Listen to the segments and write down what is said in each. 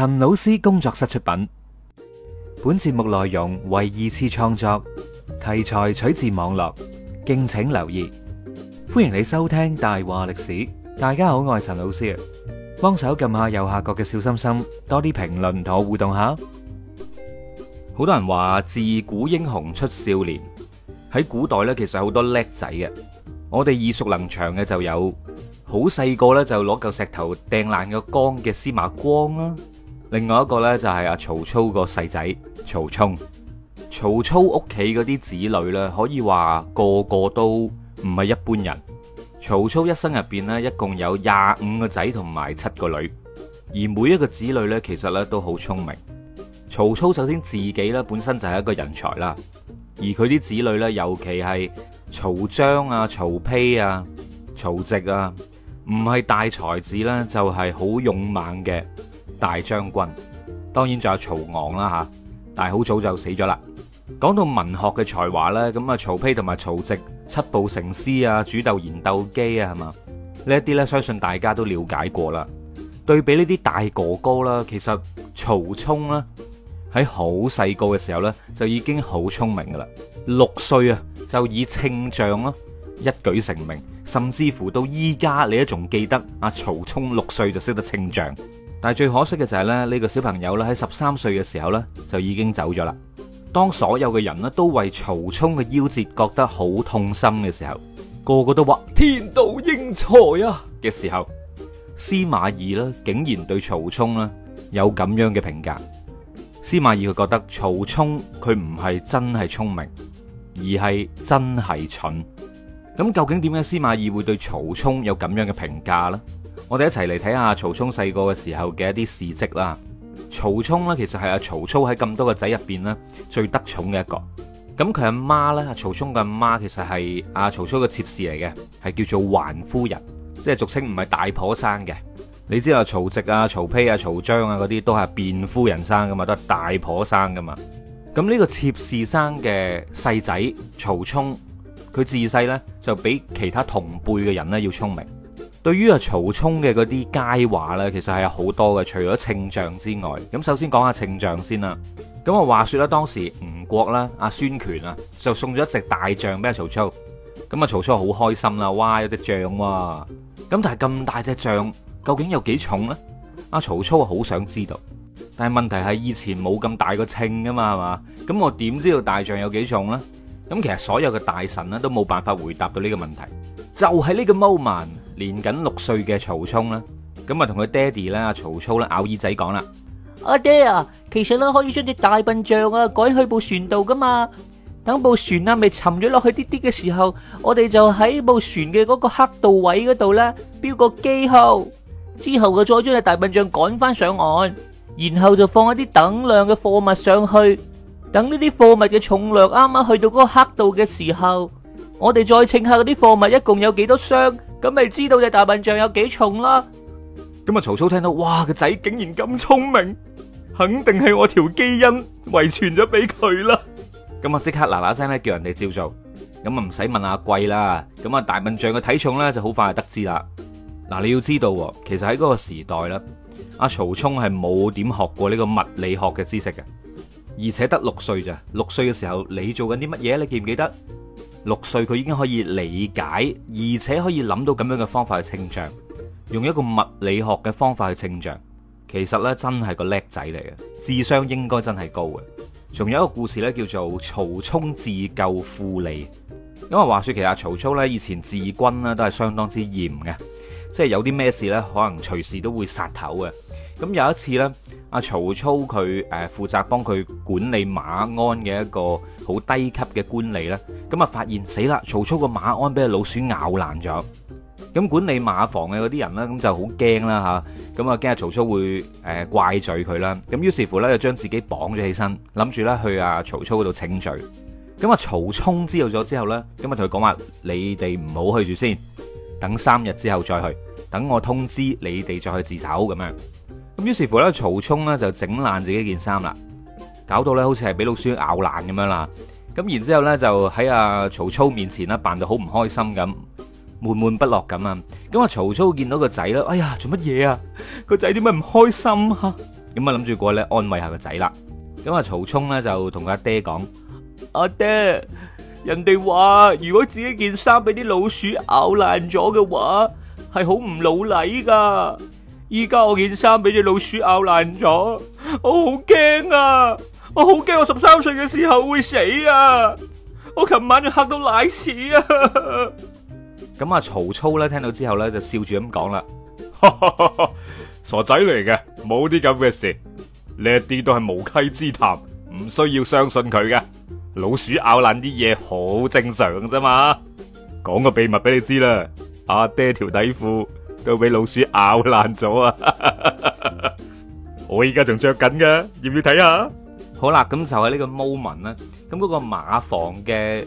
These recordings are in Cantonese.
陳老師工作室出品，本節目內容為二次創作，題材取自網絡，敬請留意。歡迎你收聽《大話歷史》。大家好，我係陳老師啊。幫手撳下右下角嘅小心心，多啲評論同我互動下。好多人話自古英雄出少年，喺古代咧，其實有好多叻仔嘅。我哋耳熟能詳嘅就有好細個咧，就攞嚿石頭掟爛個缸嘅司馬光啦。另外一個呢，就係阿曹操個細仔曹沖，曹操屋企嗰啲子女呢，可以話個個都唔係一般人。曹操一生入邊呢，一共有廿五個仔同埋七個女，而每一個子女呢，其實呢都好聰明。曹操首先自己呢，本身就係一個人才啦，而佢啲子女呢，尤其係曹彰啊、曹丕啊、曹植啊，唔係大才子呢，就係好勇猛嘅。大將軍，當然仲有曹昂啦吓，但係好早就死咗啦。講到文學嘅才華咧，咁啊，曹丕同埋曹植七步成詩啊，煮豆燃豆萁啊，係嘛呢一啲呢，相信大家都了解過啦。對比呢啲大哥哥啦，其實曹沖啦，喺好細個嘅時候呢，就已經好聰明噶啦。六歲啊，就以稱象啦，一舉成名，甚至乎到依家你都仲記得阿曹沖六歲就識得稱象。但係最可惜嘅就係咧，呢個小朋友啦，喺十三歲嘅時候呢，就已經走咗啦。當所有嘅人呢，都為曹沖嘅夭折覺得好痛心嘅時候，個個都話天妒英才啊，嘅時候，司馬懿呢，竟然對曹沖呢有咁樣嘅評價。司馬懿佢覺得曹沖佢唔係真係聰明，而係真係蠢。咁究竟點解司馬懿會對曹沖有咁樣嘅評價呢？我哋一齊嚟睇下曹沖細個嘅時候嘅一啲事蹟啦。曹沖呢，其實係阿曹操喺咁多個仔入邊呢，最得寵嘅一個。咁佢阿媽呢，阿曹沖嘅阿媽其實係阿曹操嘅妾侍嚟嘅，係叫做環夫人，即係俗稱唔係大婆生嘅。你知啦，曹植啊、曹丕啊、曹彰啊嗰啲都係卞夫人生噶嘛，都係大婆生噶嘛。咁呢個妾侍生嘅細仔曹沖，佢自細呢就比其他同輩嘅人呢要聰明。對於啊，曹沖嘅嗰啲佳話咧，其實係有好多嘅。除咗稱象之外，咁首先講下稱象先啦。咁啊，話説啦，當時吳國啦，阿孫權啊，就送咗一隻大象俾阿曹操。咁啊，曹操好開心啦，哇！有隻象喎、啊。咁但係咁大隻象，究竟有幾重呢？阿曹操好想知道，但係問題係以前冇咁大個秤噶嘛，係嘛？咁我點知道大象有幾重呢？咁其實所有嘅大臣呢，都冇辦法回答到呢個問題，就係、是、呢個 moment。年僅六歲嘅曹沖啦，咁啊，同佢爹哋啦，曹操啦，咬耳仔講啦：阿、啊、爹啊，其實啦，可以將隻大笨象啊，趕去部船度噶嘛。等部船啊，咪沉咗落去啲啲嘅時候，我哋就喺部船嘅嗰個刻度位嗰度咧，標個記號，之後就再將隻大笨象趕翻上岸，然後就放一啲等量嘅貨物上去，等呢啲貨物嘅重量啱啱去到嗰個刻度嘅時候，我哋再稱下嗰啲貨物一共有幾多箱。咁咪知道隻大笨象有幾重啦？咁啊，曹操聽到，哇，個仔竟然咁聰明，肯定係我條基因遺傳咗俾佢啦。咁啊，即刻嗱嗱聲咧叫人哋照做。咁啊，唔使問阿貴啦。咁啊，大笨象嘅體重咧就好快就得知啦。嗱，你要知道，其實喺嗰個時代咧，阿曹沖係冇點學過呢個物理學嘅知識嘅，而且得六歲咋？六歲嘅時候，你做緊啲乜嘢？你記唔記得？六歲佢已經可以理解，而且可以諗到咁樣嘅方法去稱象，用一個物理學嘅方法去稱象，其實呢真係個叻仔嚟嘅，智商應該真係高嘅。仲有一個故事呢，叫做曹沖智救庫吏。因為話說其實曹操呢以前治軍呢都係相當之嚴嘅，即係有啲咩事呢，可能隨時都會殺頭嘅。咁有一次咧，阿曹操佢誒負責幫佢管理馬鞍嘅一個好低級嘅官吏咧，咁啊發現死啦！曹操個馬鞍俾隻老鼠咬爛咗，咁管理馬房嘅嗰啲人咧，咁就好驚啦嚇，咁啊驚阿曹操會誒怪罪佢啦，咁於是乎咧就將自己綁咗起身，諗住咧去阿曹操嗰度請罪。咁阿曹沖知道咗之後咧，咁啊同佢講話：你哋唔好去住先，等三日之後再去，等我通知你哋再去自首咁樣。於是乎咧，曹沖咧就整爛自己件衫啦，搞到咧好似係俾老鼠咬爛咁樣啦。咁然之後咧就喺阿曹操面前咧扮到好唔開心咁，悶悶不樂咁啊。咁阿曹操見到個仔咧，哎呀做乜嘢啊？個仔點解唔開心啊？咁啊諗住過咧安慰下個仔啦。咁阿曹沖咧就同佢阿爹講：阿爹，人哋話如果自己件衫俾啲老鼠咬爛咗嘅話，係好唔老禮噶。依家我件衫俾隻老鼠咬爛咗，我好驚啊！我好驚我十三歲嘅時候會死啊！我琴晚就吓到瀨屎啊！咁 啊、嗯，曹操咧聽到之後咧就笑住咁講啦： 傻仔嚟嘅，冇啲咁嘅事，呢一啲都係無稽之談，唔需要相信佢嘅。老鼠咬爛啲嘢好正常嘅啫嘛。講個秘密俾你知啦，阿爹條底褲。都俾老鼠咬爛咗啊！ 我依家仲着緊嘅，要唔要睇下？好啦，咁就係呢個 moment 啦。咁嗰個馬房嘅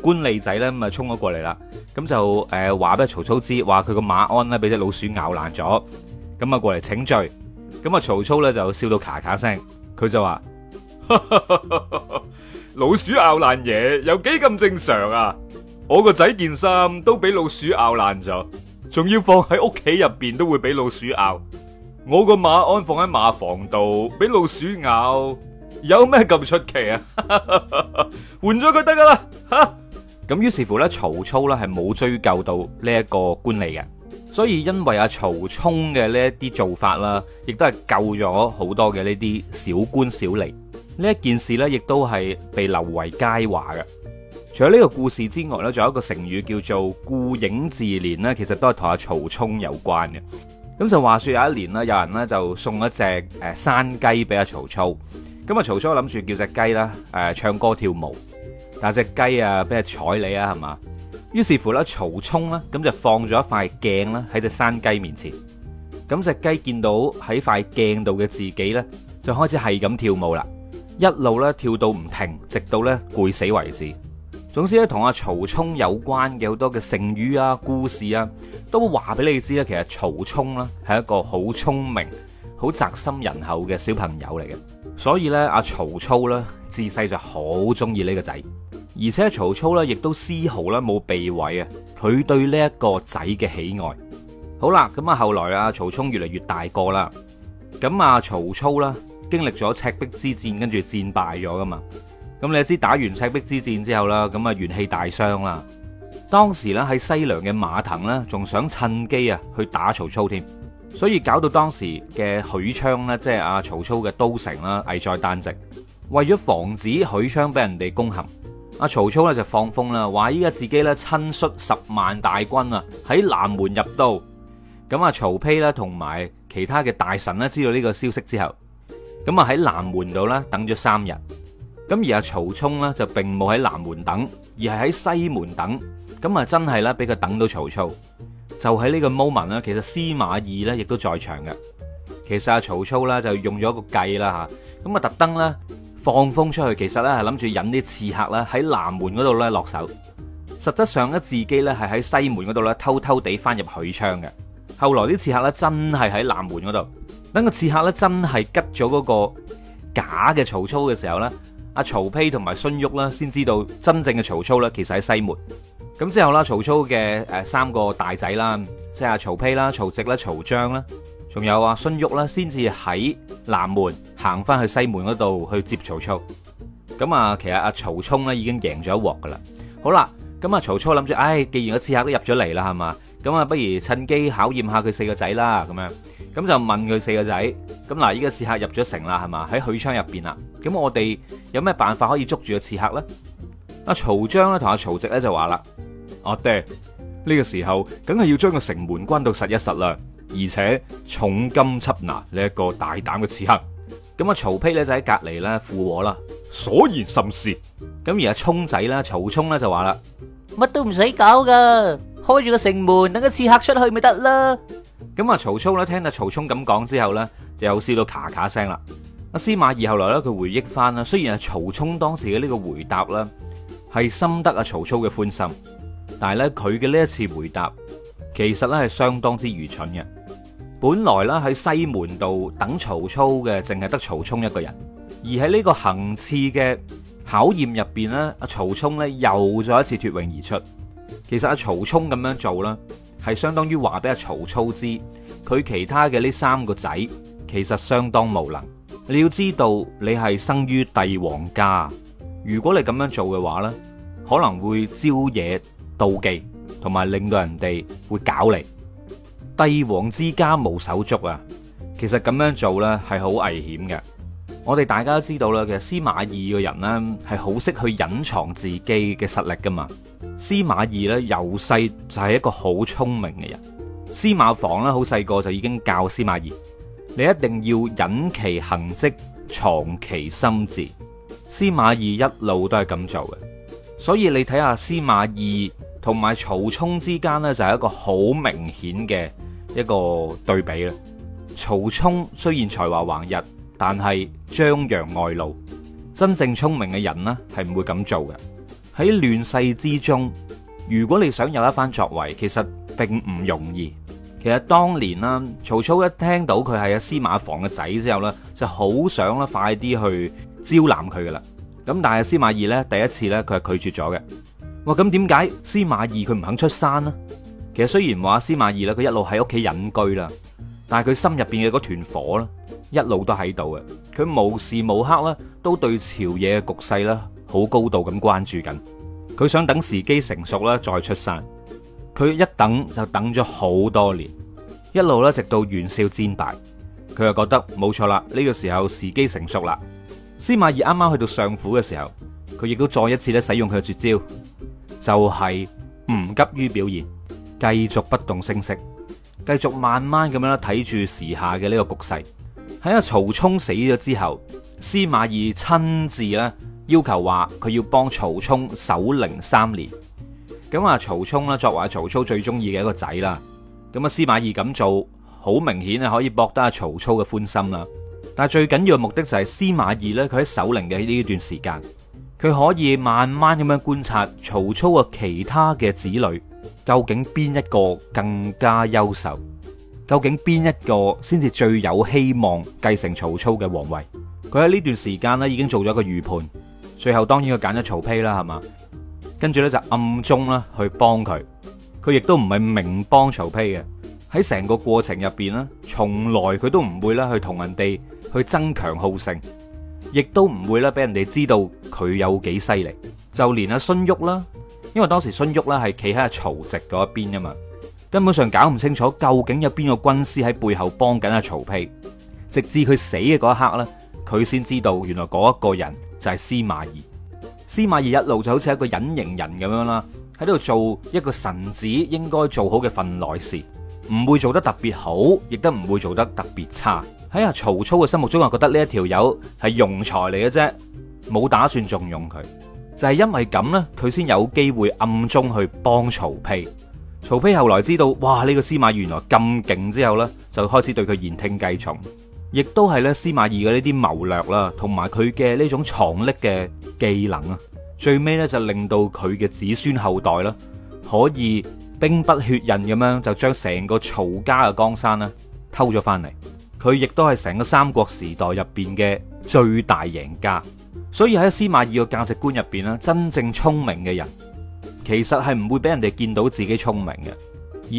官吏仔咧，咁啊衝咗過嚟啦。咁就誒話俾曹操知，話佢個馬鞍咧俾隻老鼠咬爛咗。咁啊過嚟請罪。咁啊曹操咧就笑到咔咔聲，佢就話： 老鼠咬爛嘢有幾咁正常啊？我個仔件衫都俾老鼠咬爛咗。仲要放喺屋企入邊都會俾老鼠咬，我個馬鞍放喺馬房度俾老鼠咬，有咩咁出奇啊？換咗佢得噶啦，吓，咁於是乎咧，曹操咧係冇追究到呢一個官吏嘅，所以因為阿、啊、曹沖嘅呢一啲做法啦，亦都係救咗好多嘅呢啲小官小吏，呢一件事咧亦都係被留為佳話嘅。除咗呢個故事之外咧，仲有一個成語叫做顧影自憐咧，其實都係同阿曹沖有關嘅。咁就話説有一年啦，有人咧就送一隻誒山雞俾阿曹操。咁阿曹操諗住叫隻雞啦誒唱歌跳舞，但係隻雞啊咩睬你啊係嘛？於是乎咧，曹沖呢咁就放咗一塊鏡咧喺隻山雞面前。咁隻雞見到喺塊鏡度嘅自己呢，就開始係咁跳舞啦，一路咧跳到唔停，直到咧攰死為止。總之咧，同阿曹沖有關嘅好多嘅成語啊、故事啊，都話俾你知咧。其實曹沖咧係一個好聰明、好宅心仁厚嘅小朋友嚟嘅。所以呢，阿曹操呢，自細就好中意呢個仔，而且曹操呢，亦都絲毫呢冇避諱啊，佢對呢一個仔嘅喜愛。好啦，咁啊，後來阿曹沖越嚟越大個啦，咁阿曹操呢，經歷咗赤壁之戰，跟住戰敗咗噶嘛。咁你知打完赤壁之戰之後啦，咁啊元氣大傷啦。當時呢，喺西涼嘅馬騰呢，仲想趁機啊去打曹操添，所以搞到當時嘅許昌呢，即係阿曹操嘅都城啦，危在旦夕。為咗防止許昌俾人哋攻陷，阿曹操呢就放風啦，話依家自己呢親率十萬大軍啊喺南門入都。咁阿曹丕呢，同埋其他嘅大臣呢，知道呢個消息之後，咁啊喺南門度呢，等咗三日。咁而阿曹沖呢，就並冇喺南門等，而係喺西門等。咁啊，真係咧俾佢等到曹操。就喺呢個 moment 呢。其實司馬懿咧亦都在場嘅。其實阿曹操呢，就用咗個計啦吓，咁啊特登呢，放風出去，其實呢，係諗住引啲刺客呢喺南門嗰度咧落手。實質上呢，自己呢係喺西門嗰度咧偷偷地翻入許昌嘅。後來啲刺客呢，真係喺南門嗰度，等個刺客呢，真係吉咗嗰個假嘅曹操嘅時候呢。阿曹丕同埋荀彧啦，先知道真正嘅曹操咧，其實喺西門。咁之後啦，曹操嘅誒三個大仔啦，即係阿曹丕啦、曹植啦、曹彰啦，仲有阿荀彧啦，先至喺南門行翻去西門嗰度去接曹操。咁啊，其實阿曹沖咧已經贏咗一鑊噶啦。好啦，咁啊，曹操諗住，唉、哎，既然個刺客都入咗嚟啦，係嘛，咁啊，不如趁機考驗下佢四個仔啦，咁樣。咁就問佢四個仔，咁嗱，依家刺客入咗城啦，係嘛？喺許昌入邊啦。咁我哋有咩辦法可以捉住個刺客咧？阿曹彰咧同阿曹植咧就話啦：阿爹，呢個時候梗係要將個城門關到實一實啦，而且重金緝拿呢一個大膽嘅刺客。咁阿曹丕咧就喺隔籬咧附和啦，所言甚是。咁而阿沖仔咧，曹沖咧就話啦：乜都唔使搞噶，開住個城門等個刺客出去咪得啦。咁啊，曹操咧聽阿曹冲咁講之後呢，就有笑到咔咔聲啦。阿司馬懿後來呢，佢回憶翻啦，雖然係曹沖當時嘅呢個回答咧，係深得阿曹操嘅歡心，但係咧佢嘅呢一次回答，其實呢係相當之愚蠢嘅。本來咧喺西門度等曹操嘅，淨係得曹沖一個人，而喺呢個行刺嘅考驗入邊呢，阿曹沖呢又再一次脫穎而出。其實阿曹冲咁樣做啦。係相當於話俾阿曹操知，佢其他嘅呢三個仔其實相當無能。你要知道，你係生於帝王家，如果你咁樣做嘅話呢，可能會招惹妒忌，同埋令到人哋會搞你。帝王之家無手足啊，其實咁樣做呢係好危險嘅。我哋大家都知道啦，其實司馬懿個人呢係好識去隱藏自己嘅實力噶嘛。司馬懿呢由細就係一個好聰明嘅人。司馬防呢好細個就已經教司馬懿，你一定要隱其行迹，藏其心志。司馬懿一路都係咁做嘅，所以你睇下司馬懿同埋曹沖之間呢，就係一個好明顯嘅一個對比啦。曹沖雖然才華橫溢，但係張揚外露，真正聰明嘅人呢，係唔會咁做嘅。喺亂世之中，如果你想有一番作為，其實並唔容易。其實當年啦，曹操一聽到佢係阿司馬房司馬防嘅仔之後呢，就好想咧快啲去招攬佢噶啦。咁但係司馬懿呢，第一次呢，佢係拒絕咗嘅。哇，咁點解司馬懿佢唔肯出山呢？其實雖然話司馬懿呢，佢一路喺屋企隱居啦，但係佢心入邊嘅嗰團火啦。一路都喺度嘅，佢無時無刻咧都對朝野嘅局勢咧好高度咁關注緊。佢想等時機成熟咧再出山。佢一等就等咗好多年，一路咧直到袁紹戰敗，佢又覺得冇錯啦。呢個時候時機成熟啦。司馬懿啱啱去到相府嘅時候，佢亦都再一次咧使用佢嘅絕招，就係唔急於表現，繼續不動聲色，繼續慢慢咁樣睇住時下嘅呢個局勢。喺阿曹沖死咗之後，司馬懿親自咧要求話佢要幫曹沖守靈三年。咁啊曹沖啦，作為曹操最中意嘅一個仔啦，咁啊司馬懿咁做，好明顯啊可以博得阿曹操嘅歡心啦。但係最緊要嘅目的就係司馬懿咧，佢喺守靈嘅呢段時間，佢可以慢慢咁樣觀察曹操嘅其他嘅子女究竟邊一個更加優秀。究竟邊一個先至最有希望繼承曹操嘅皇位？佢喺呢段時間咧已經做咗一個預判，最後當然佢揀咗曹丕啦，係嘛，跟住呢就暗中啦去幫佢。佢亦都唔係明幫曹丕嘅，喺成個過程入邊咧，從來佢都唔會咧去同人哋去爭強好勝，亦都唔會咧俾人哋知道佢有幾犀利。就連阿孫郁啦，因為當時孫郁咧係企喺曹植嗰一邊啊嘛。根本上搞唔清楚究竟有邊個軍師喺背後幫緊阿曹丕，直至佢死嘅嗰一刻咧，佢先知道原來嗰一個人就係司馬懿。司馬懿一路就好似一個隱形人咁樣啦，喺度做一個臣子應該做好嘅份內事，唔會做得特別好，亦都唔會做得特別差。喺阿曹操嘅心目中，又覺得呢一條友係庸才嚟嘅啫，冇打算重用佢。就係因為咁咧，佢先有機會暗中去幫曹丕。曹丕後來知道，哇！呢個司馬原來咁勁之後呢，就開始對佢言聽計從，亦都係呢，司馬懿嘅呢啲謀略啦，同埋佢嘅呢種藏匿嘅技能啊，最尾呢，就令到佢嘅子孫後代啦，可以兵不血刃咁樣就將成個曹家嘅江山呢偷咗翻嚟。佢亦都係成個三國時代入邊嘅最大贏家。所以喺司馬懿嘅價值觀入邊咧，真正聰明嘅人，其實係唔會俾人哋見到自己聰明嘅，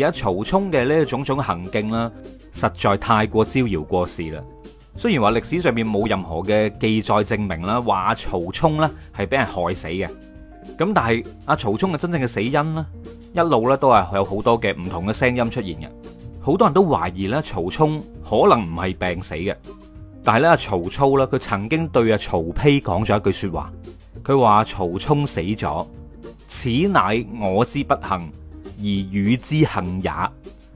而阿曹沖嘅呢種種行徑啦，實在太過招搖過市啦。雖然話歷史上面冇任何嘅記載證明啦，話曹沖呢係俾人害死嘅，咁但係阿曹沖嘅真正嘅死因呢，一路呢都係有好多嘅唔同嘅聲音出現嘅，好多人都懷疑呢曹沖可能唔係病死嘅，但係呢，阿曹操呢，佢曾經對阿曹丕講咗一句說話，佢話曹沖死咗。此乃我之不幸，而汝之幸也。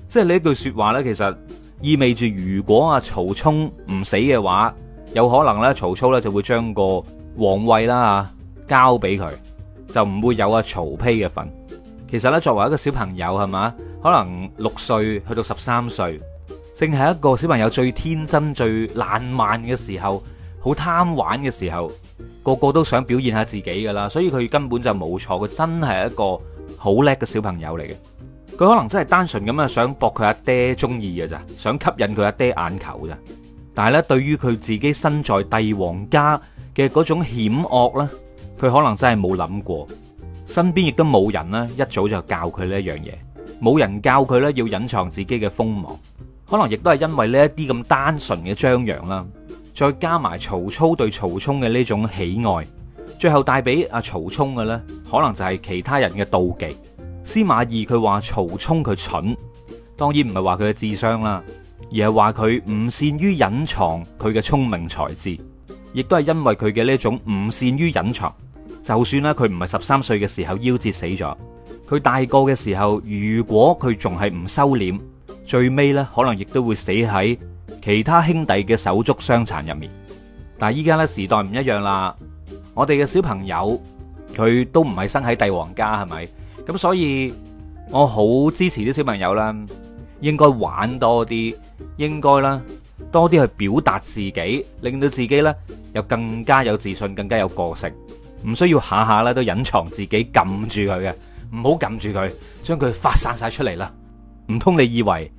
即係呢句說話呢，其實意味住如果阿曹沖唔死嘅話，有可能呢，曹操呢就會將個皇位啦交俾佢，就唔會有阿曹丕嘅份。其實呢，作為一個小朋友係嘛，可能六歲去到十三歲，正係一個小朋友最天真、最爛漫嘅時候，好貪玩嘅時候。個個都想表現下自己噶啦，所以佢根本就冇錯，佢真係一個好叻嘅小朋友嚟嘅。佢可能真係單純咁啊，想博佢阿爹中意嘅咋，想吸引佢阿爹眼球咋。但係咧，對於佢自己身在帝王家嘅嗰種險惡啦，佢可能真係冇諗過，身邊亦都冇人咧一早就教佢呢一樣嘢，冇人教佢咧要隱藏自己嘅鋒芒，可能亦都係因為呢一啲咁單純嘅張揚啦。再加埋曹操對曹沖嘅呢種喜愛，最後帶俾阿曹沖嘅呢，可能就係其他人嘅妒忌。司馬懿佢話曹沖佢蠢，當然唔係話佢嘅智商啦，而係話佢唔善於隱藏佢嘅聰明才智，亦都係因為佢嘅呢種唔善於隱藏。就算咧佢唔係十三歲嘅時候夭折死咗，佢大個嘅時候，如果佢仲係唔收斂，最尾呢可能亦都會死喺。其他兄弟嘅手足相殘入面，但係依家咧時代唔一樣啦。我哋嘅小朋友佢都唔係生喺帝王家，係咪咁？所以我好支持啲小朋友啦，應該玩多啲，應該啦多啲去表達自己，令到自己呢又更加有自信，更加有個性，唔需要下下咧都隱藏自己，撳住佢嘅，唔好撳住佢，將佢發散晒出嚟啦。唔通你以為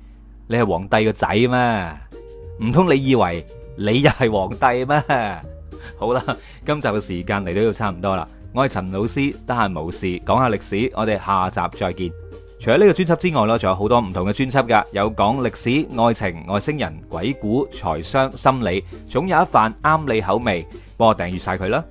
你係皇帝個仔咩？唔通你以為你又係皇帝咩？好啦，今集嘅時間嚟到都差唔多啦。我係陳老師，得閒無事講下歷史，我哋下集再見。除咗呢個專輯之外呢，仲有好多唔同嘅專輯噶，有講歷史、愛情、外星人、鬼故、財商、心理，總有一範啱你口味。幫我訂閱晒佢啦。